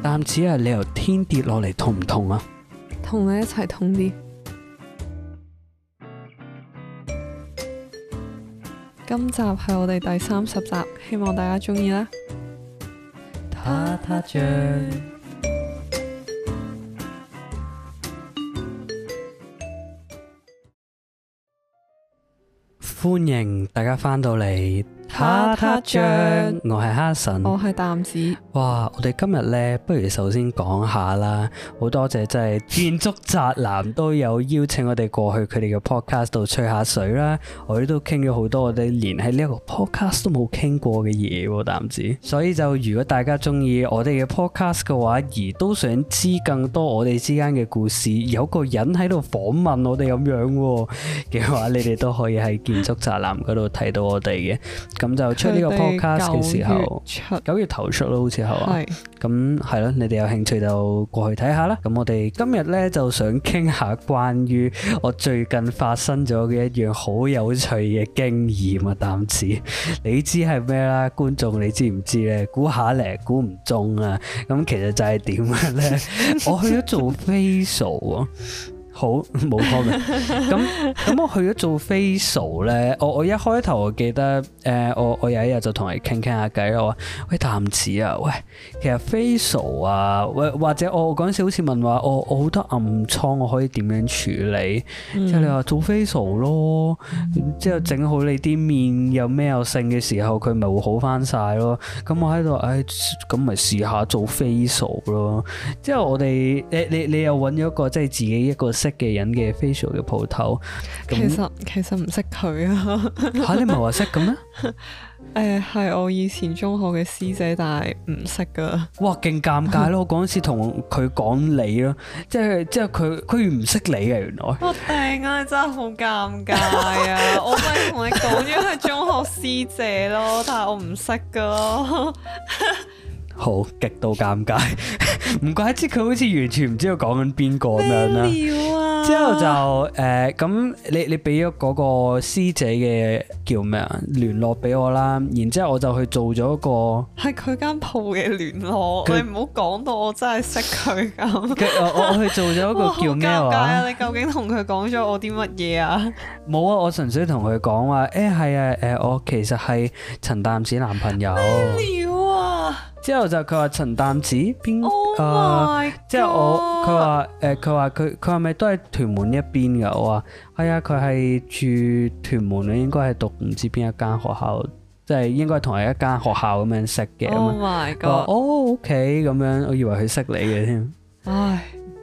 但只係你由天跌落嚟痛唔痛啊？同你一齊痛啲。今集係我哋第三十集，希望大家中意啦。他她歡迎大家翻到嚟。他他醬，我係哈臣，我係擔子。哇，我哋今日咧，不如首先講下啦。好多謝真係建築宅男都有邀請我哋過去佢哋嘅 podcast 度吹下水啦。我哋都傾咗好多我哋連喺呢一個 podcast 都冇傾過嘅嘢喎，擔子。所以就如果大家中意我哋嘅 podcast 嘅話，而都想知更多我哋之間嘅故事，有個人喺度訪問我哋咁樣嘅、啊、話，你哋都可以喺建築宅男嗰度睇到我哋嘅咁就出呢個 podcast 嘅時候，九月頭出咯，好似係，咁係咯，你哋有興趣就過去睇下啦。咁我哋今日咧就想傾下關於我最近發生咗嘅一樣好有趣嘅經驗啊，但係 你知係咩啦，觀眾你知唔知咧？估下嚟，估唔中啊！咁其實就係點嘅咧？ 我去咗做 facial 啊！好冇錯嘅，咁咁 我去咗做 facial 咧，我我一開頭我記得，誒、呃、我我有一日就同佢傾傾下偈咯，喂淡子啊，喂其實 facial 啊，或或者我嗰陣時好似問話，哦，我我好多暗瘡，我可以點樣處理？即係你話做 facial 咯，嗯、之後整好你啲面有咩有性嘅時候，佢咪會好翻晒咯。咁、嗯嗯、我喺度，誒咁咪試下做 facial 咯。之後我哋誒你你，你又揾咗一個即係自己一個嘅人嘅 facial 嘅鋪頭，其實其實唔識佢啊， 啊！吓你唔係話識咁咩？誒、 呃，係我以前中學嘅師姐，但係唔識噶。哇，勁尷尬咯！ 我嗰陣時同佢講你咯，即係即係佢佢唔識你啊。原來。哇！頂啊，真係好尷尬啊！ 我咪同你講咗係中學師姐咯，但係我唔識噶。 好，極度尷尬，唔 怪之佢好似完全唔知道講緊邊個咁樣啦。啊、之後就誒咁、呃，你你俾咗嗰個師姐嘅叫咩啊聯絡俾我啦。然之後我就去做咗一個，係佢間鋪嘅聯絡。他你唔好講到我真係識佢咁。 我去做咗一個叫咩話？ 啊、你究竟同佢講咗我啲乜嘢啊？冇 啊，我純粹同佢講話，誒、欸、係啊，誒、呃、我其實係陳淡子男朋友。之後就佢話陳淡子邊啊，oh、之後我佢話誒，佢話佢佢係咪都係屯門一邊噶？我話係啊，佢、哎、係住屯門嘅，應該係讀唔知邊一間學校，即、就、係、係、應該同係一間學校咁樣識嘅。Oh my God！Oh，OK，咁樣我以為佢識你嘅添。 唉。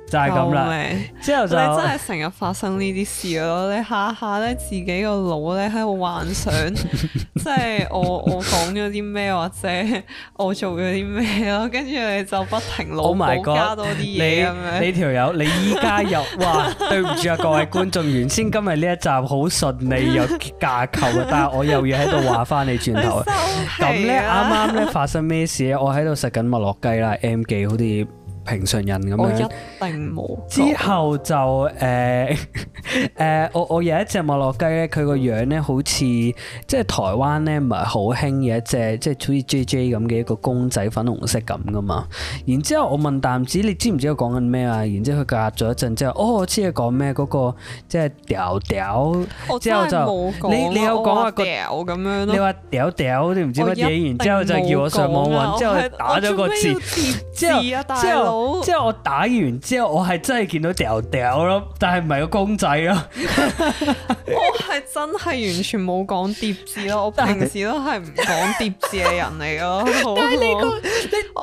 就係咁啦，命之後就你真係成日發生呢啲事咯，你下下咧自己個腦咧喺度幻想，即係 我我講咗啲咩或者我做咗啲咩咯，跟住你就不停攞、oh、my 加多啲嘢咁樣。你條友你依家又 哇，對唔住啊，各位觀眾，原先今日呢一集好順利有架構嘅，但係我又要喺度話翻你轉頭。咁咧啱啱咧發生咩事？我喺度食緊麥樂雞啦，M 記好似。平常人咁樣，一定之後就誒誒、欸欸，我我有一隻麥樂雞咧，佢個樣咧好似即係台灣咧，唔係好興嘅一隻，即係好似 J J 咁嘅一個公仔，粉紅色咁㗎嘛。然之後我問蛋子，你知唔知我講緊咩啊？然之後佢隔咗一陣之後，哦，我知你講咩？嗰、嗰個即係屌屌，之後就你你有講啊？屌咁樣，你話屌屌你唔知乜嘢？然之後就叫我上網揾，之後打咗個字，之後之後。即係我打完之後，我係真係見到掉掉咯，但係唔係個公仔咯。我係真係完全冇講疊字咯，我平時都係唔講疊字嘅人嚟咯。咁你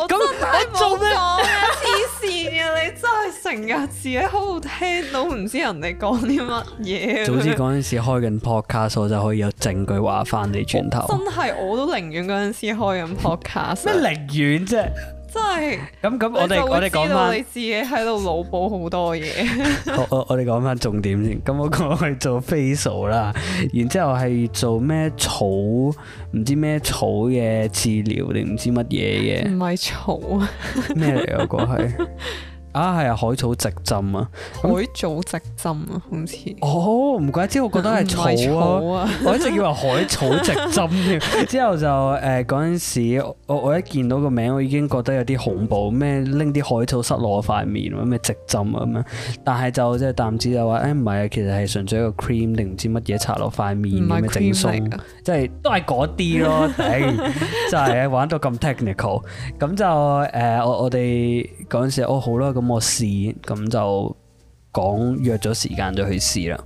咁，做咩啊？黐線啊！你真係成日自己好聽到唔知人哋講啲乜嘢。早知嗰陣時開緊 podcast，我就可以有證據話翻你轉頭。真係，我都寧願嗰陣時開緊 podcast。咩寧願啫？真係咁咁，我哋我哋講翻，你自己喺度腦補好多嘢。我我哋講翻重點先。咁我過去做 facial 啦，然之後係做咩草唔知咩草嘅治療定唔知乜嘢嘅？唔係草啊，咩嚟嘅過去？ 啊，係啊，海草直針啊，海草直針啊，好、嗯、似哦，唔怪之，我覺得係草啊，草啊 我一直以為海草直針嘅、啊。 之後就誒嗰陣時我，我我一見到個名，我已經覺得有啲恐怖，咩拎啲海草塞落塊面，咩直針啊咁樣。但係就即係淡子就話，誒唔係啊，其實係純粹一個 cream 定唔知乜嘢搽落塊面、啊、整鬆，即係都係嗰啲咯，頂、哎， 就係玩到咁 technical。咁就誒，我我哋。嗰陣時，哦好啦，咁我試，咁就講約咗時間就去試啦。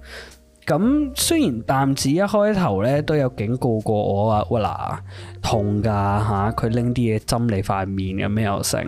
咁雖然探子一開頭咧都有警告過我啊，喂嗱，痛噶吓，佢拎啲嘢針你塊面咁咩又成。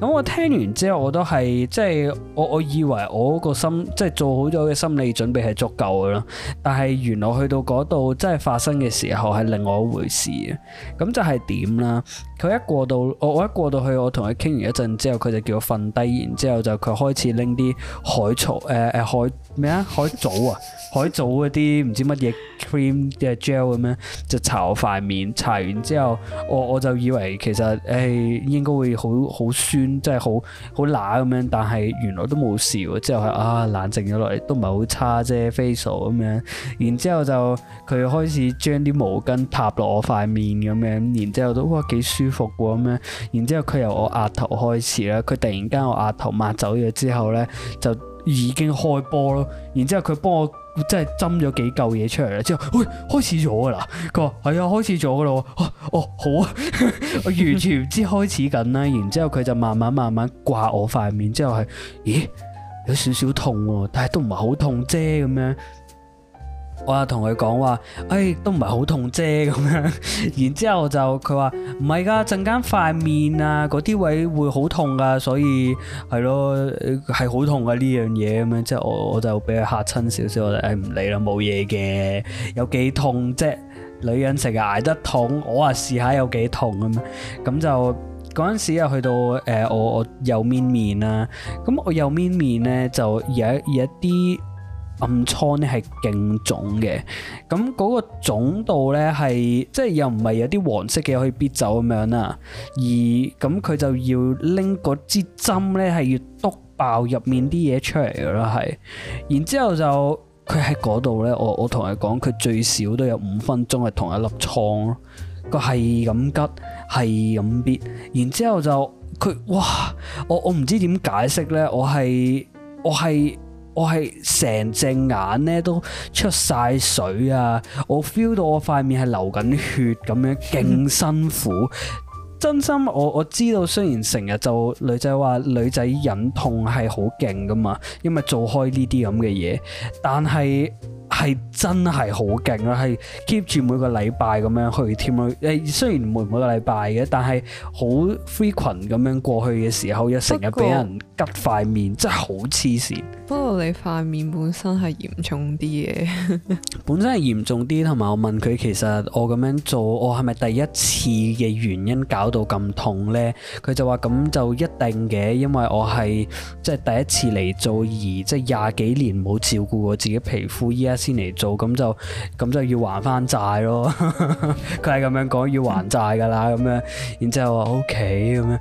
咁我聽完之後，我都係即係我我以為我個心即係做好咗嘅心理準備係足夠嘅啦。但係原來去到嗰度真係發生嘅時候係另外一回事啊。咁就係點啦？佢一過到我，我一過到去，我同佢傾完一陣之後佢就叫我瞓低，然之後就佢開始拎啲海草，誒、啊、誒、啊、海咩啊，海藻啊海藻啲、啊、唔知乜嘢 cream 嘅 gel 咁樣就搽我塊面。搽完之後我我就以為其實誒、欸、應該會好好酸，真係好好乸咁樣，但係原來都冇事喎。之後係啊，冷靜咗落嚟都唔係好差啫，facial 咁樣，然之後就佢開始將啲毛巾拍落我塊面咁樣，然之後都哇幾酸。舒服過咁樣，然之後佢由我額頭開始啦，佢突然間我額頭抹走咗之後咧，就已經開波咯。然之後佢幫我即係針咗幾嚿嘢出嚟啦，之後，喂、哎，開始咗噶啦。佢話係啊，開始咗噶啦。哦，好啊， 我完全唔知開始緊啦。然之後佢就慢慢慢慢刮我塊面之後係，咦，有少少痛喎，啊，但係都唔係好痛啫咁樣。我就同佢講話，誒、哎、都唔係好痛啫咁樣， 然之後就佢話唔係㗎，陣間塊面啊嗰啲位會好痛㗎，所以係咯係好痛㗎呢樣嘢咁樣，即係我我就俾佢嚇親少少，我就：哎「誒唔理啦，冇嘢嘅，有幾痛啫，即女人成日挨得痛，我啊試下有幾痛咁，咁就嗰陣時又去到誒、呃、我我右面面啊，咁我右面面咧就有一啲暗瘡咧係勁腫嘅，咁嗰個腫度咧係即係又唔係有啲黃色嘅可以搣走咁樣啦，而咁佢就要拎嗰支針咧係要篤爆入面啲嘢出嚟嘅咯，係。然之後就佢喺嗰度咧，我我同佢講佢最少都有五分鐘係同一粒瘡咯，個係咁拮，係咁搣，然之後就佢哇，我我唔知點解釋咧，我係我係。我我係成隻眼咧都出晒水啊！我 feel 到我塊面係流緊血咁樣，勁辛苦。真心，我我知道，雖然成日就女仔話女仔忍痛係好勁㗎嘛，因為做開呢啲咁嘅嘢，但係。係真係好勁啊，係 keep 住每個禮拜咁樣去添啦。誒雖然唔會每個禮拜嘅，但係好 frequent 咁樣過去嘅時候，但 一成日俾人拮塊面，真係好黐線。不過你塊面本身係嚴重啲嘅， 本身係嚴重啲，同埋我問佢其實我咁樣做，我係咪第一次嘅原因搞到咁痛呢？佢就話咁就一定嘅，因為我係即係第一次嚟做兒，而即係廿幾年冇照顧過自己皮膚依家，先嚟做，咁就咁就要還翻債咯。佢係咁樣講，要還債噶啦。咁樣，然之後我話 OK 咁樣，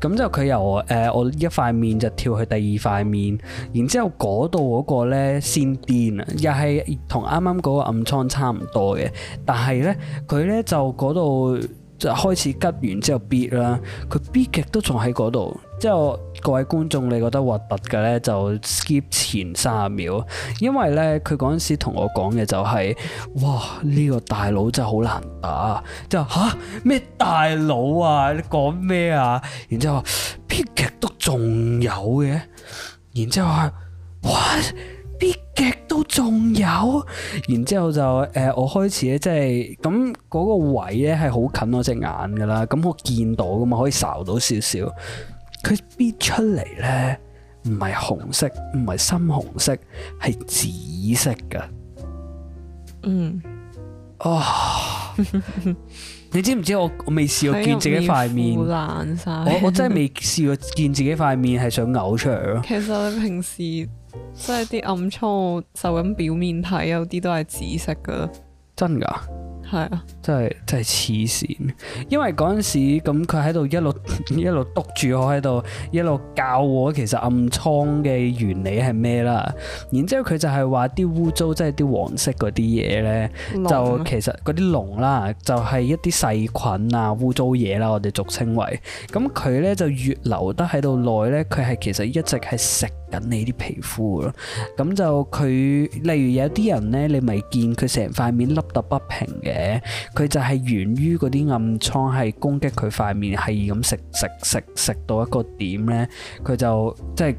咁就佢由誒、呃，我一塊面就跳去第二塊面，然之後嗰度嗰個呢先癲啊，又係同啱啱嗰個暗瘡差唔多嘅，但係呢，佢呢就嗰度。就開始吉完之後 B 啦，佢 B 劇都仲喺嗰度。即係我各位觀眾，你覺得核突嘅呢，就 skip 前三十秒。因為呢，佢嗰陣時同我講嘅就係：哇，呢個大佬真係好難打。即係嚇咩大佬啊？你講咩啊？然之後 B 劇都仲有嘅。然之後哇！What? 我仲、哦、有，然之後就誒、呃，我開始咧，即係咁嗰個位咧係好近我隻眼噶啦，咁我見到噶嘛，可以稍到少少。佢憋出嚟，咧，唔係紅色，唔係深紅色，係紫色噶。嗯，哦！你知唔知我我未試過見自己塊 面爛晒？我我真係未試過見自己塊面係想嘔出嚟咯。其實你平時？即係啲暗瘡，就咁表面睇有啲都係紫色噶，真噶。係啊，真係真係黐線，因為嗰陣時咁佢喺度一路一路督住我喺度，一路教我其實暗瘡嘅原理係咩啦。然之後佢就係話啲污糟即係啲黃色嗰啲嘢咧，龍就其實嗰啲膿啦，就係、是、一啲細菌啊污糟嘢啦，我哋俗稱為。咁佢咧就越留得喺度耐咧，佢係其實一直係食緊你啲皮膚咯。咁就佢例如有啲人咧，你咪見佢成塊面凹凸不平嘅。佢就係源於嗰啲暗瘡係攻擊佢塊面，係咁食食食食到一個點呢？佢就即係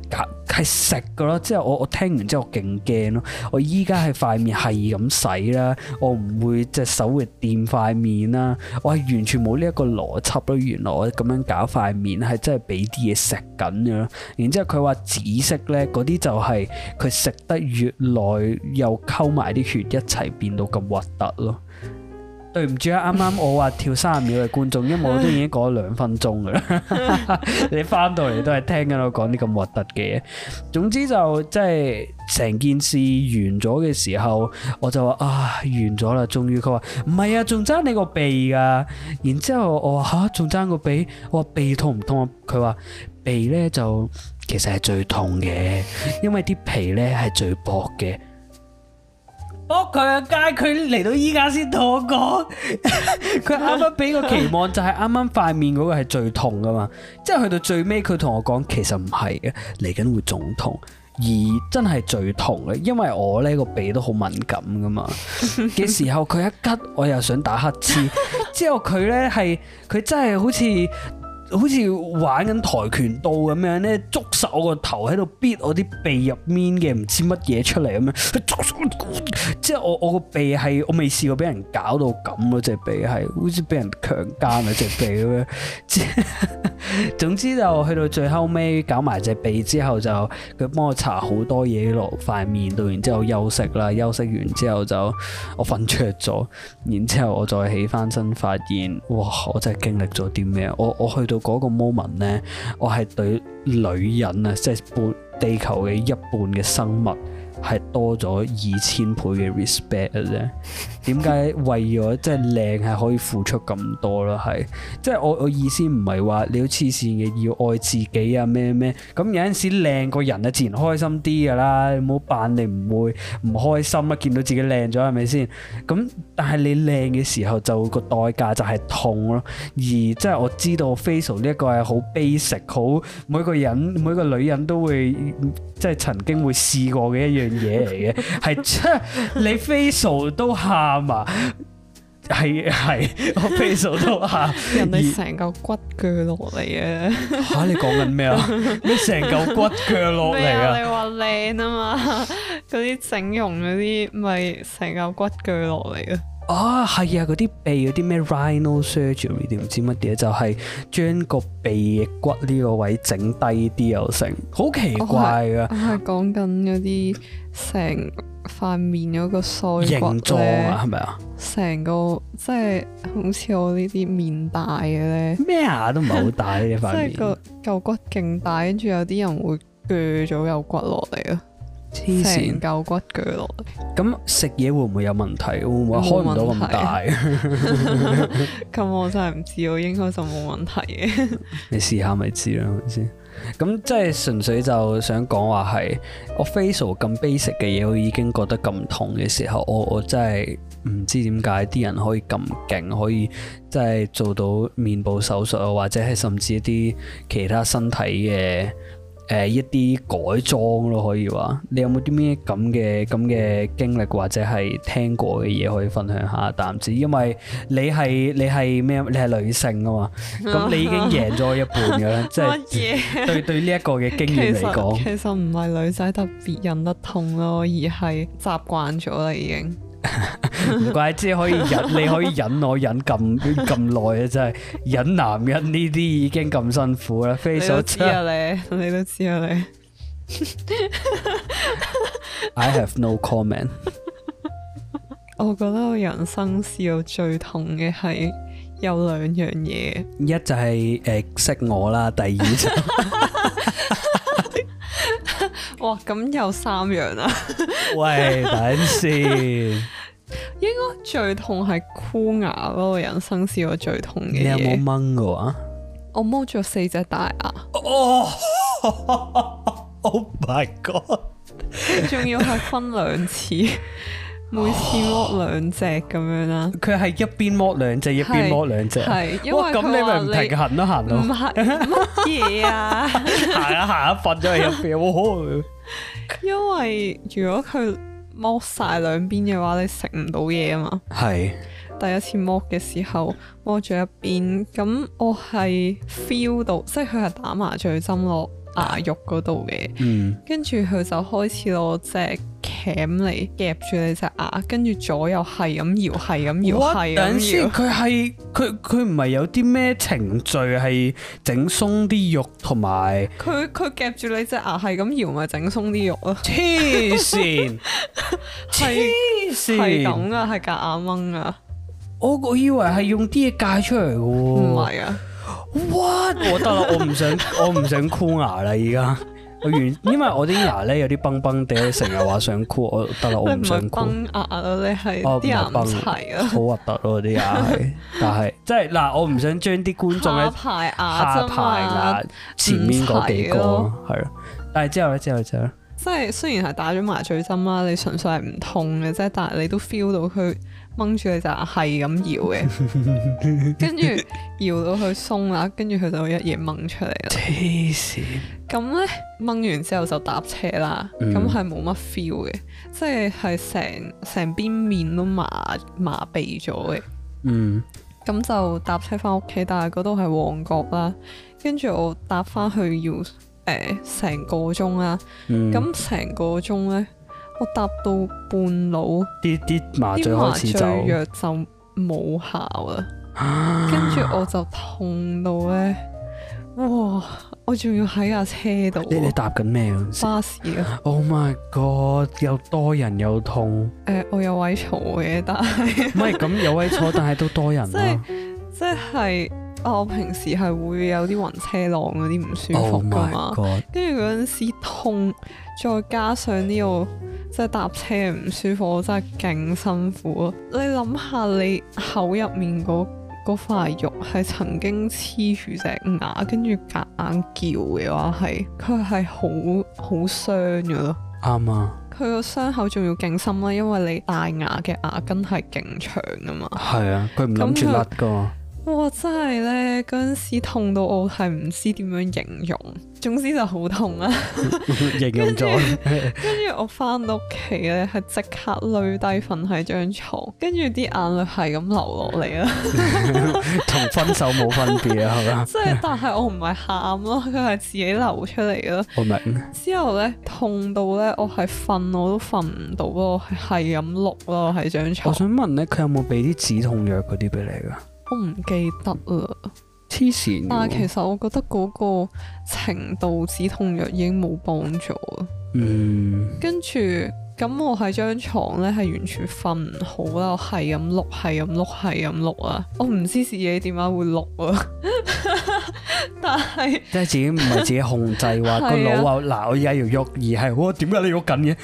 係食噶咯。之後我我聽完之後勁驚咯，我依家係塊面係咁洗啦，我唔會隻手會掂塊面啦，我係完全冇呢一個邏輯咯。原來我咁樣搞塊面係真係俾啲嘢食緊嘅咯。然之後佢話紫色呢嗰啲就係佢食得越耐又溝埋啲血一齊變到咁核突咯。對唔住啊，啱啱我話跳三十秒嘅觀眾，因為我都已經過咗兩分鐘噶啦，你翻到嚟都係聽緊我講啲咁核突嘅嘢。總之就即係成件事完咗嘅時候，我就話啊，完咗啦，終於佢話唔係啊，仲爭你個鼻噶。然之後我話吓，仲爭個鼻？我話鼻痛唔痛啊？佢話鼻咧就其實係最痛嘅，因為啲皮咧係最薄嘅。仆佢個街，佢嚟到依家先同我講，佢啱啱俾個期望就係啱啱塊面嗰個係最痛㗎嘛，即係去到最尾佢同我講其實唔係嘅，嚟緊會仲痛，而真係最痛嘅，因為我呢個鼻都好敏感㗎嘛，嘅 時候佢一吉我又想打乞嗤，之後佢呢係佢真係好似。好似玩緊跆拳道咁樣咧，捉實我個頭喺度逼我啲鼻入面嘅唔知乜嘢出嚟咁樣，即係 我我個鼻係我未試過俾人搞到咁咯，隻鼻係好似俾人強姦啊隻鼻咁樣，即 總之就去到最後尾搞埋隻鼻之後就佢幫我搽好多嘢落塊面度，然之後休息啦，休息完之後就我瞓着咗，然之後我再起翻身發現，哇！我真係經歷咗啲咩我我去到。嗰個 moment 咧，我係對女人啊，即係半地球嘅一半嘅生物。係多咗二千倍嘅 respect 嘅啫。點解為咗即係靚係可以付出咁多咧？係即係我我意思唔係話你好黐線嘅，要愛自己啊咩咩。咁有陣時靚個人啊，自然開心啲㗎啦。冇扮你唔會唔開心啊，見到自己靚咗係咪先？咁但係你靚嘅時候就個、就是、代價就係痛咯。而即係、就是、我知道 facial 呢一個係好 basic，好，每個人每個女人都會即係曾經會試過嘅一樣。嘢嚟嘅。係即係你 facial 都喊啊！係係，facial 都喊，人哋成嚿骨鋸落嚟啊！嚇你講緊咩啊？你成嚿骨鋸落嚟啊？你話靚啊嘛？嗰啲整容嗰啲，咪成嚿骨鋸落嚟啊？啊，係、no 就是，啊，嗰啲鼻嗰啲咩 rhino surgery 唔知乜嘢，就係將個鼻骨呢個位整低啲又成，好奇怪啊！我係講緊嗰啲成塊面嗰個腮骨啊，係咪啊？成個即係好似我呢啲面大嘅咧，咩啊都唔係好大呢塊面，即係個舊骨勁大，跟住、 那個、 有啲人會鋸咗有骨落嚟啊！黐線，夠骨頸咯！咁食嘢會唔會有問題？會唔會開唔到咁大？咁我真係唔知，我應該就冇問題嘅。 你試下咪知啦，係咪先？咁即係純粹就想講話係我 facial 咁 basic 嘅嘢，我已經覺得咁痛嘅時候，我我真係唔知點解啲人可以咁勁，可以即係做到面部手術啊，或者係甚至一啲其他身體嘅。誒、呃、一啲改裝咯，可以話，你有冇啲咩咁嘅咁嘅經歷或者係聽過嘅嘢可以分享下？但唔知，因為你係你係咩？你係女性啊嘛，咁 你已經贏咗一半嘅啦，即係對對呢一個嘅經驗嚟講，其實唔係女仔特別忍得痛咯，而係習慣咗啦已經。 唔怪，即係可以忍，你可以忍我忍咁咁耐啊！真係忍男人呢啲已經咁辛苦啦。非常之啊，你你都知啊，你，你。 I have no comment。我覺得我人生試過最痛嘅係有兩樣嘢，一就係、是、誒、呃、識我啦，第二就是，哇！ 咁有三樣啊。 喂，等先。應該最痛係箍牙，嗰個人生史我最痛嘅嘢。你有冇掹嘅啊？我剝咗四隻大牙。哦 oh！，Oh my God！仲要係分兩次， 每次剝兩隻咁樣啦。佢係一邊剝兩隻，一邊剝兩隻。係，因為，哇！咁你咪唔平行都行咯。乜嘢啊？係 啊，行一瞓咗喺入邊。 因為如果佢。剝曬兩邊嘅話，你食唔到嘢啊嘛。係是第一次剝嘅時候，剝咗一邊，咁我係 feel 到，即係佢係打麻醉針咯。牙肉嗰度嘅，嗯、跟住佢就開始攞隻鉗嚟夾住你隻牙，跟住左右係咁搖，係咁搖。搖搖等先，佢係佢佢唔係有啲咩程序係整鬆啲肉同埋。佢佢夾住你隻牙，係咁搖咪整鬆啲肉咯。黐線，黐線， 咁啊 是，係夾硬掹啊！我我以為係用啲嘢戒出嚟喎，唔係啊。What? 我得啦，我唔想 我唔想箍牙啦，而家我原因為我啲牙咧有啲崩崩哋，成日話想箍，我得啦，我唔想箍牙咯，你係啲、啊、牙齊咯，好核突咯啲牙，但係即係嗱，我唔想將啲觀眾咧排牙排牙前面嗰幾個係咯，但係之後咧之後就即係雖然係打咗麻醉針啦，你純粹係唔痛嘅啫，但係你都 feel 到佢。掹住佢就係咁搖嘅，跟住 搖到佢鬆啦，跟住佢就一嘢掹出嚟啦。黐線！咁咧掹完之後就搭車啦，咁係冇乜 feel 嘅，即係係成成邊面都麻麻痹咗嘅。嗯，咁就搭車返屋企，但係嗰度係旺角啦。跟住我搭返去要誒成、呃、個鐘啦。咁成、嗯、個鐘咧。我搭到半路，啲啲麻醉藥就冇效啦，啊、跟住我就痛到咧，哇！我仲要喺架車度，啊，你你搭緊咩？巴士啊！Oh my god！又多人又痛。誒、呃，我有位坐嘅，但係唔係咁有位坐，但係都多人，即係即係，我平時係會有啲暈車浪嗰啲唔舒服噶嘛，跟住嗰陣時痛，再加上呢、這個。即係搭車唔舒服，真係勁辛苦咯！你諗下，你口入面嗰塊肉係曾經黐住隻牙，跟住夾硬叫嘅話，係佢係好好傷噶咯。啱啊！佢個傷口仲要勁深啦，因為你大牙嘅牙根係勁長㗎嘛。係啊，佢唔諗住甩噶。哇！真係咧，嗰陣時痛到我係唔知點樣形容，總之就好痛啊。 跟住 形容唔到 跟住我翻到屋企咧，係即刻攞低瞓喺張床，跟住啲眼淚係咁流落嚟啦。同 分手冇分別啊，係咪？即係，但係我唔係喊咯，佢係自己流出嚟咯。我明。之後咧痛到咧，我係瞓我都瞓唔到咯，係咁碌咯，喺張床。我想問咧，佢有冇俾啲止痛藥嗰啲俾你噶？我唔記得啦，黐線。但係其實我覺得嗰個程度止痛藥已經冇幫助啦，嗯。跟住咁我喺張床咧係完全瞓唔好啦，我係咁碌，係咁碌，係咁碌啊！我唔知自己點解會碌啊， 但係即係自己唔係自己控制話個腦啊，嗱我而家要喐，而係我點解你喐緊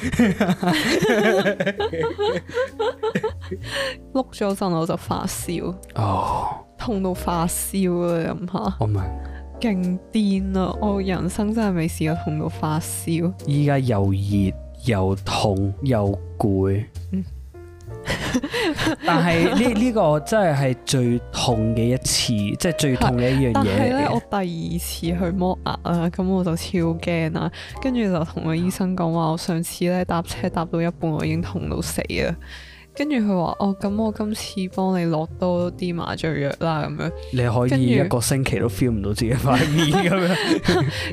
嘅？ 碌咗陣我就發燒，oh. 痛到發燒啊！你諗下，我明，勁癲啊！我人生真係未試過痛到發燒。依家又熱又痛又攰，嗯、 但係呢呢個真係係最痛嘅一次， 即係最痛嘅一樣嘢 我第二次去剝牙啊，咁我就超驚啦，跟住就同個醫生講話，我上次咧搭車搭到一半，我已經痛到死啊！跟住佢話：哦，咁我今次幫你落多啲麻醉藥啦，咁樣。你可以一個星期都 feel 唔到自己塊面咁樣。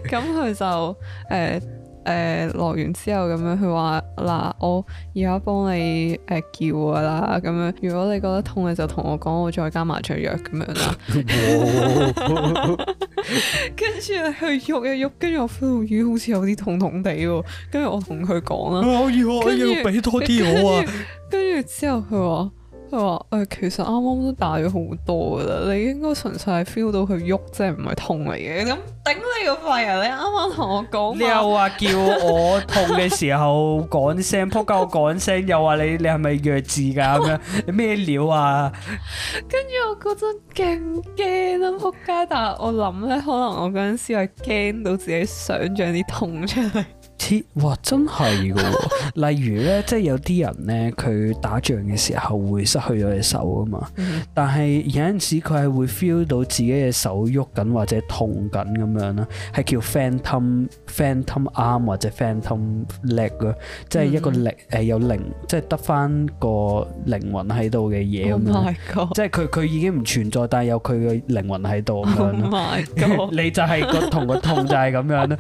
咁 佢 就誒。呃誒，落完之後咁樣，佢話嗱，我而家幫你誒、呃、叫噶啦，咁樣如果你覺得痛，你就同我講，我再加麻醉藥咁樣啦。 哇 跟住佢喐一喐，跟住我呼魚好似有啲痛痛地喎，跟住我同佢講啦。我要，我要俾着多啲我啊！跟住之後佢話。佢話：誒、欸，其實啱啱都大咗好多噶啦，你應該純粹係 feel 到佢喐，即係唔係痛嚟嘅。咁頂你個肺啊！你啱啱同我講，你又話叫我痛嘅時候講聲，仆街 我講聲，又話你你係咪弱智㗎？咁 樣你咩料啊？跟住 我覺得勁驚啊，仆街！但係我諗咧，可能我嗰陣時係驚到自己想像啲痛出嚟。哇，真係嘅喎！ 例如咧，即係有啲人咧，佢打仗嘅時候會失去咗隻手㗎嘛。Mm hmm. 但係有陣時佢係會 feel 到自己嘅手喐緊或者痛緊咁樣啦，係叫 phantom phantom arm 或者 phantom leg 咯，即係一個靈誒、mm hmm. 呃、有靈，即係得返個靈魂喺度嘅嘢咁樣。即係佢佢已經唔存在，但係有佢嘅靈魂喺度咁樣。o、oh my god、 你就係個同個痛就係咁樣啦。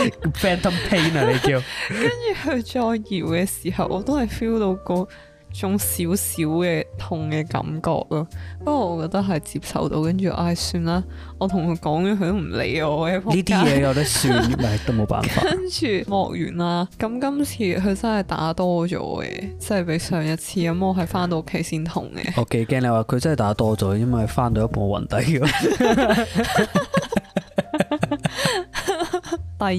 Phantom 啊！你叫，跟住佢再搖嘅時候，我都係 feel 到嗰種少少嘅痛嘅感覺咯。不過我覺得係接受到，跟住唉，算啦，我同佢講咗，佢都唔理我。呢啲嘢有得算咪都冇辦法。跟住莫完啦，咁今次佢真係打多咗嘅，即係比上一次咁，我係翻到屋企先痛嘅。我幾驚你話佢真係打多咗，因為翻到一半暈低嘅。 第二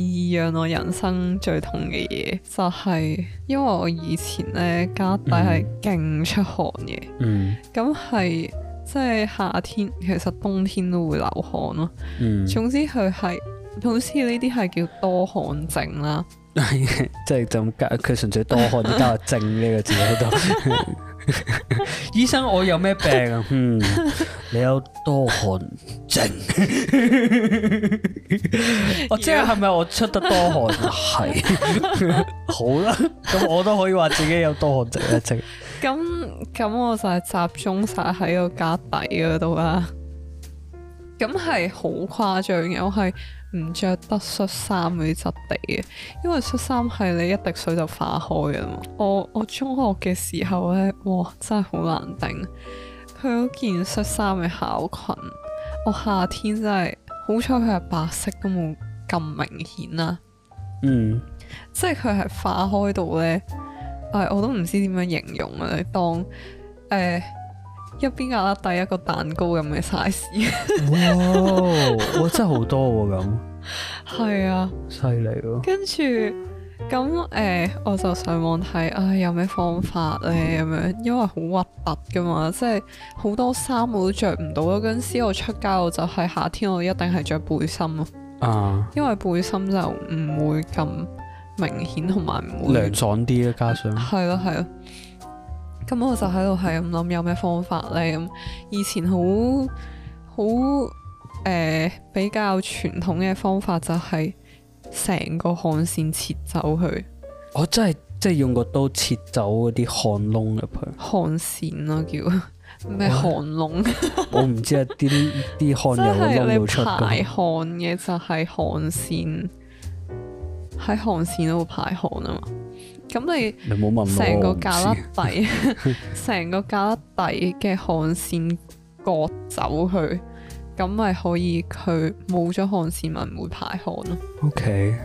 樣我人生最痛嘅嘢，就係、係、因為我以前咧家底係勁出汗嘅，咁係、嗯、即係夏天，其實冬天都會流汗咯、嗯。總之佢係好似呢啲係叫多汗症啦，即係咁加佢純粹多汗加個症呢個字喺度。 醫生，我有咩病啊？嗯，你有多汗症。 我即係係咪我出得多汗？係， 好啦，咁我都可以話自己有多汗症一症，咁咁 我就集中晒喺個格底嗰度啦。咁係好誇張，又係。唔着得恤衫嗰啲質地嘅，因為恤衫係你一滴水就化開㗎嘛。我我中學嘅時候呢，哇，真係好難頂。佢件恤衫嘅校裙，我夏天真係好彩佢係白色，都冇咁明顯啦，啊。嗯，即係佢係化開到呢，誒，我都唔知點樣形容啊。當誒。欸一邊額額大一個蛋糕咁嘅 size，哇！哇真係好多喎咁，係啊，犀利咯。跟住咁誒，我就上網睇啊、哎，有咩方法咧咁樣？因為好核突㗎嘛，即係好多衫我都着唔到咯。嗰陣時我出街，我就係夏天，我一定係着背心啊。啊！因為背心就唔會咁明顯，同埋唔涼爽啲啊，加上係咯，係咯、啊。咁我就喺度係咁諗，有咩方法咧？咁，以前好好誒比較傳統嘅方法就係成個汗線切走佢。我真係即係用個刀切走嗰啲汗窿入去。汗線咯，叫咩汗窿？我唔知啊，啲啲汗有入到出。排汗嘅就係汗線，喺汗線嗰度排汗啊嘛。.咁你成個架粒底，成個架粒底嘅汗腺割走佢，咁咪 可以佢冇咗汗腺，咪唔會排汗咯。O Okay . K。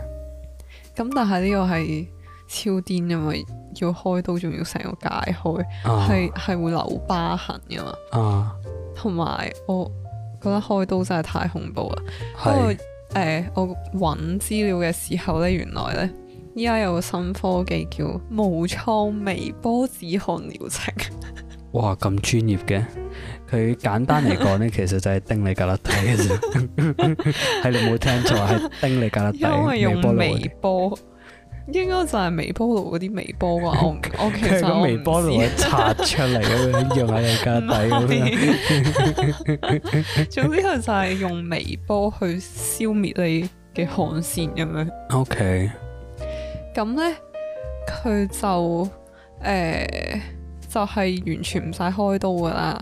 咁但係呢個係超癲，因為要開刀，仲要成個解開，係係、uh. 會留疤痕噶嘛。啊！同埋我覺得開刀真係太恐怖啦。係是。不過誒、呃，我搵資料嘅時候咧，原來咧。依家有個新科技叫無創微波止汗療程。哇，咁專業嘅？佢簡單嚟講咧， 其實就係叮你隔甩底嘅啫。係 你冇聽錯，係叮你隔甩底。因為用微波，微波，應該就係微波爐嗰啲微波啩？我我其實。佢 微波爐嚟，擦出嚟咁樣用喺你隔甩底咁樣。總之佢就係用微波去消滅你嘅汗腺咁樣。O K。咁呢，佢就誒、呃、就係、是、完全唔使開刀㗎喇。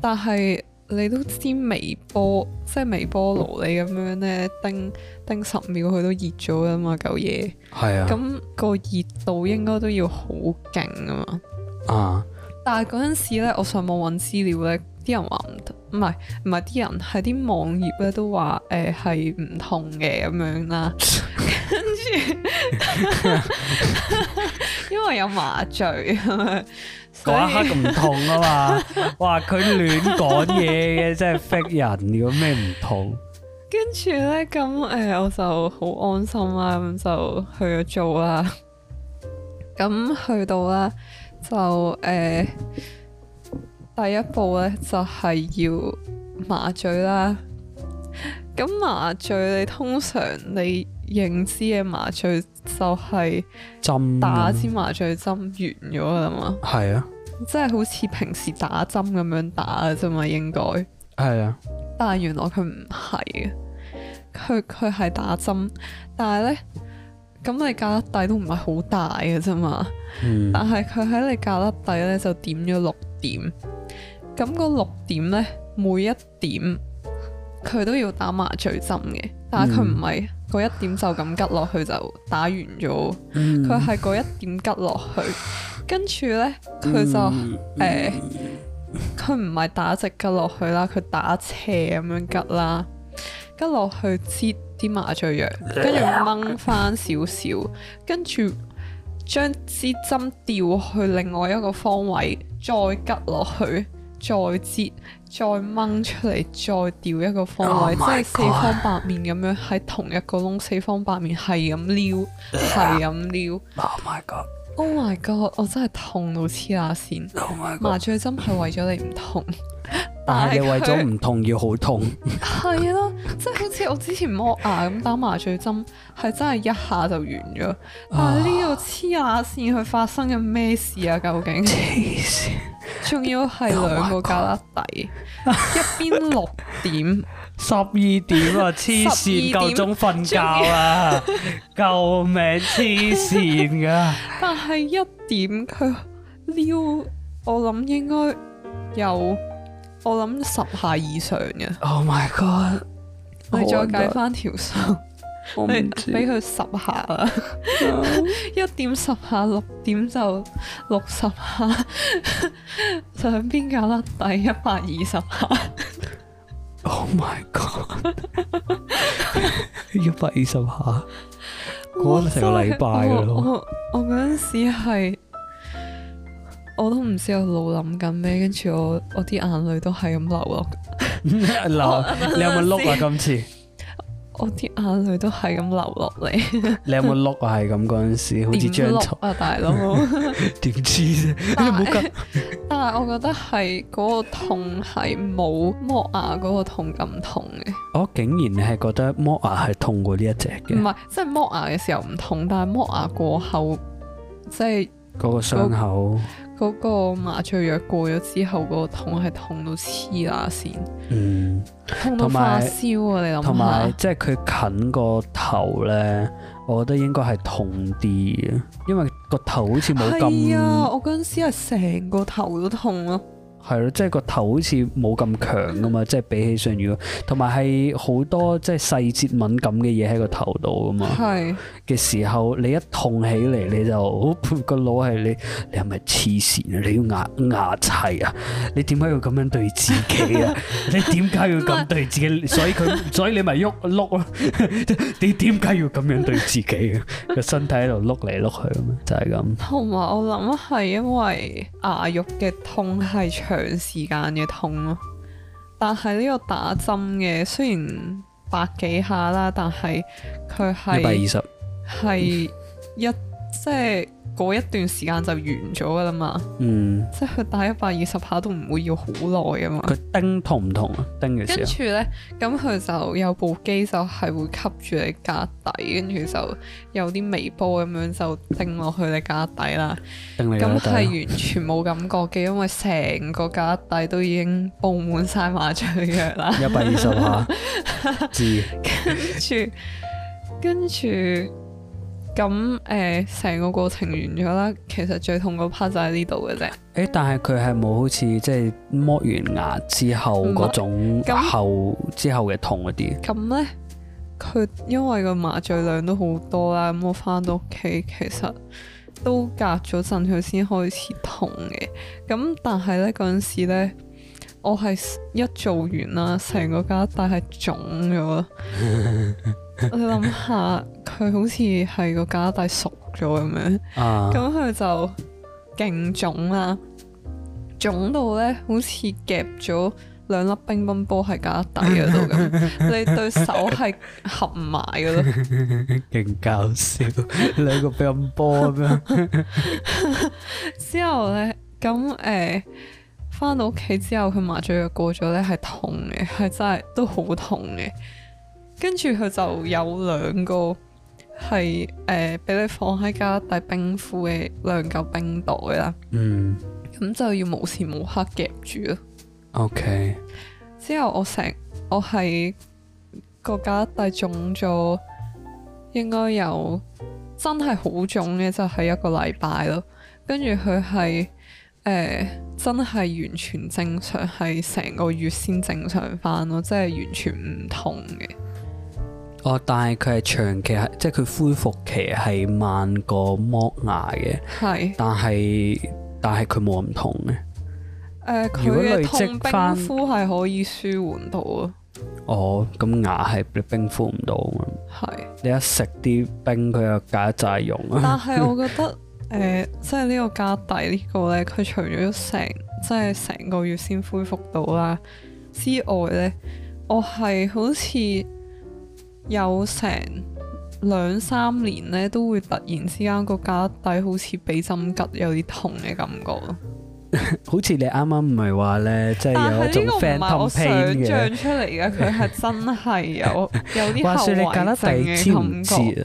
但係你都知微波，即係微波爐你咁樣呢，叮叮十秒佢都熱咗㗎嘛，嚿嘢。係是啊。咁個熱度應該都要好勁㗎嘛。啊！但係嗰陣時咧，我上網揾資料呢，啲人話唔痛，唔係唔係，啲人喺啲網頁咧都話誒係唔痛嘅咁樣啦。 因為有麻醉嗰 以一刻唔痛啊嘛， 哇佢亂講嘢嘅真係逼人， 如果咩唔痛，跟住咧咁誒，我就好安心啦，咁就去咗做啦。咁去到咧就誒、呃，第一步咧就係、是、要麻醉啦。咁麻醉你通常你。認知嘅麻醉就係針打支麻醉針完咗啦嘛，係是啊，即係好似平時打針咁樣打啊啫嘛，應該係是啊，但係原來佢唔係啊，佢佢係打針，但係咧咁你隔得底都唔係好大嘅啫嘛，嗯、但係佢喺你隔得底咧就點咗六點，咁個六點咧每一點佢都要打麻醉針嘅，但係佢唔係。嗰一點就咁拮落去就打完咗，佢係嗰一點拮落去，跟住呢，佢就誒，佢唔係打直拮落去啦，佢打斜咁樣拮啦，拮落去擠啲麻醉藥，跟住掹翻少少，跟住將支針掉去另外一個方位，再拮落去。再折再掹出嚟，再掉一個方位，oh、my 即係四方八面咁樣喺同一個窿，四方八面係咁撩，係咁撩。Oh my god！Oh my god！我真係痛到黐下線，oh、my 麻醉針係為咗你唔痛， 但係你為咗唔痛要好痛。係啊 它為， 即係好似我之前剝牙咁打麻醉針，係真係一下就完咗。但係啊！呢度黐下線，佢發生緊咩事啊？究竟黐線？仲要係兩個加粒底，oh、my 一邊六點，十二 點啊！黐線，夠鐘瞓覺啊， 救命黐線噶！但係一點佢撩，我諗應該有，我諗十下以上嘅。Oh my god！你再計翻條數。Oh 我你俾佢十下啦，一 No? 點十下，六點就六十下，上邊架甩底一百二十下。 Oh my god！一百二十下，嗰陣時個禮拜咯。我陣時係，我都唔知我腦諗緊咩，跟住我我啲眼淚都係咁流落。流，你有冇碌啊？ 今次？我啲眼淚都係咁流落嚟，你有冇碌啊？係咁嗰陣時，好似張床啊，大佬。點知啫？你唔好急。但係我覺得係嗰個痛係冇剝牙嗰個痛咁痛嘅，哦。我竟然你係覺得剝牙係痛過呢一隻嘅？唔係，即係剝牙嘅時候唔痛，但係剝牙過後，即係嗰，嗰個傷口。嗰個麻醉藥過咗之後，嗰、嗰個痛係痛到黐乸線，嗯、痛到發燒啊！有你諗下，同埋即係佢近個頭咧，我覺得應該係痛啲，因為個頭好似冇咁。係啊，我嗰陣時係成個頭都痛咯。係咯，即係個頭好似冇咁強噶嘛，即係比起上雨咯，同埋係好多即係細節敏感嘅嘢喺個頭度噶嘛。係嘅是時候，你一痛起嚟，你就個腦係你，你係咪黐線啊？你要壓壓砌啊？你點解要咁樣對自己啊？你點解要咁對自己？ 所以佢，所以你咪喐碌咯。 你點解要咁樣對自己嘅？個身體喺度碌嚟碌去咁就係、是、咁。同埋我諗係因為牙肉嘅痛係長長時間嘅痛咯，但係呢個打針嘅雖然百幾下啦，但係佢係一百二十，係一即係。就是嗰一段時間就完咗噶啦嘛，嗯，即係佢打一百二十下都唔會要好耐啊嘛。佢叮痛唔痛？啊？叮嘅時候。跟住咧，咁佢就有部機就係會吸住你架底，跟住就有啲微波咁樣就叮落去你架底啦。叮咁係完全冇感覺嘅，嗯、因為成個架底都已經布滿晒麻醉藥啦 次。一百二十下。跟住，跟住。咁誒，成、嗯、個過程完咗啦，其實最痛個 part 就喺呢度嘅啫。誒、欸，但係佢係冇好似即係剝完牙之後嗰種、嗯、後之後嘅痛嗰啲。咁咧、嗯，佢、嗯嗯、因為個麻醉量都好多啦，咁、嗯、我翻到屋企其實都隔咗陣佢先開始痛嘅。咁、嗯、但係咧嗰陣時咧，我係一做完啦，成個家帶係腫咗。 我想諗下。佢好似係個架底熟咗咁樣，咁佢、啊、就勁腫啦，腫到咧好似夾咗兩粒乒乓波喺架底嗰度咁，你對手係合唔埋噶咯，勁 搞笑，兩個乒乓波咁樣。 之後咧，咁誒，翻、呃、到屋企之後，佢麻醉藥過咗咧，係痛嘅，係真係都好痛嘅。跟住佢就有兩個。係誒，俾、呃、你放喺加拿大冰庫嘅兩嚿冰袋啦。嗯，咁就要無時無刻夾住咯。OK。之後我成我係個加拿大腫咗，應該有真係好腫嘅，就係一個禮拜咯。跟住佢係誒真係完全正常，係成個月先正常返咯，即係完全唔痛嘅。哦，但係佢係長期係，即係佢恢復期係慢過剝牙嘅。係是，但係但係佢冇唔痛嘅。誒、呃，如果累積、哦、冰敷係可以舒緩到啊。哦是，咁牙係你冰敷唔到。係。你一食啲冰，佢又解一揸啊。但係我覺得誒、 呃，即係呢個家底個呢個咧，佢除咗成即係成個月先恢復到啦之外咧，我係好似。有成兩三年咧，都會突然之間個夾底好似俾針吉，有啲痛嘅感覺。 好似你啱啱唔係話咧，即係有一種 phantom pain，我想象出嚟嘅，佢係 真係有有啲後遺症嘅感覺。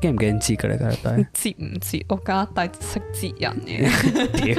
驚唔驚？接噶你夾底？接唔接？我夾底識接人嘅。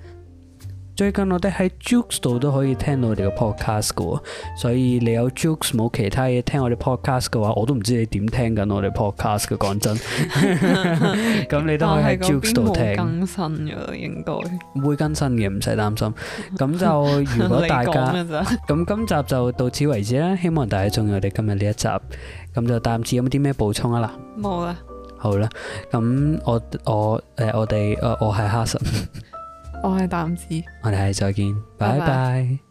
最近我哋喺 JOOX 度都可以聽到我哋嘅 podcast 噶所以你有 JOOX 冇其他嘢，聽我哋 podcast 嘅話，我都唔知你點聽緊我哋 podcast 嘅。講 真 是，咁 你都可以喺 JOOX 度聽。更新噶應該會更新嘅，唔使擔心。咁 就如果大家咁 今集就到此為止啦，希望大家中意我哋今日呢一集。咁就暫時有冇啲咩補充啊啦？冇啦。了。好啦，咁我我誒、呃、我哋、呃、我係哈臣我係淡子， 我哋係再見，拜拜。Bye bye.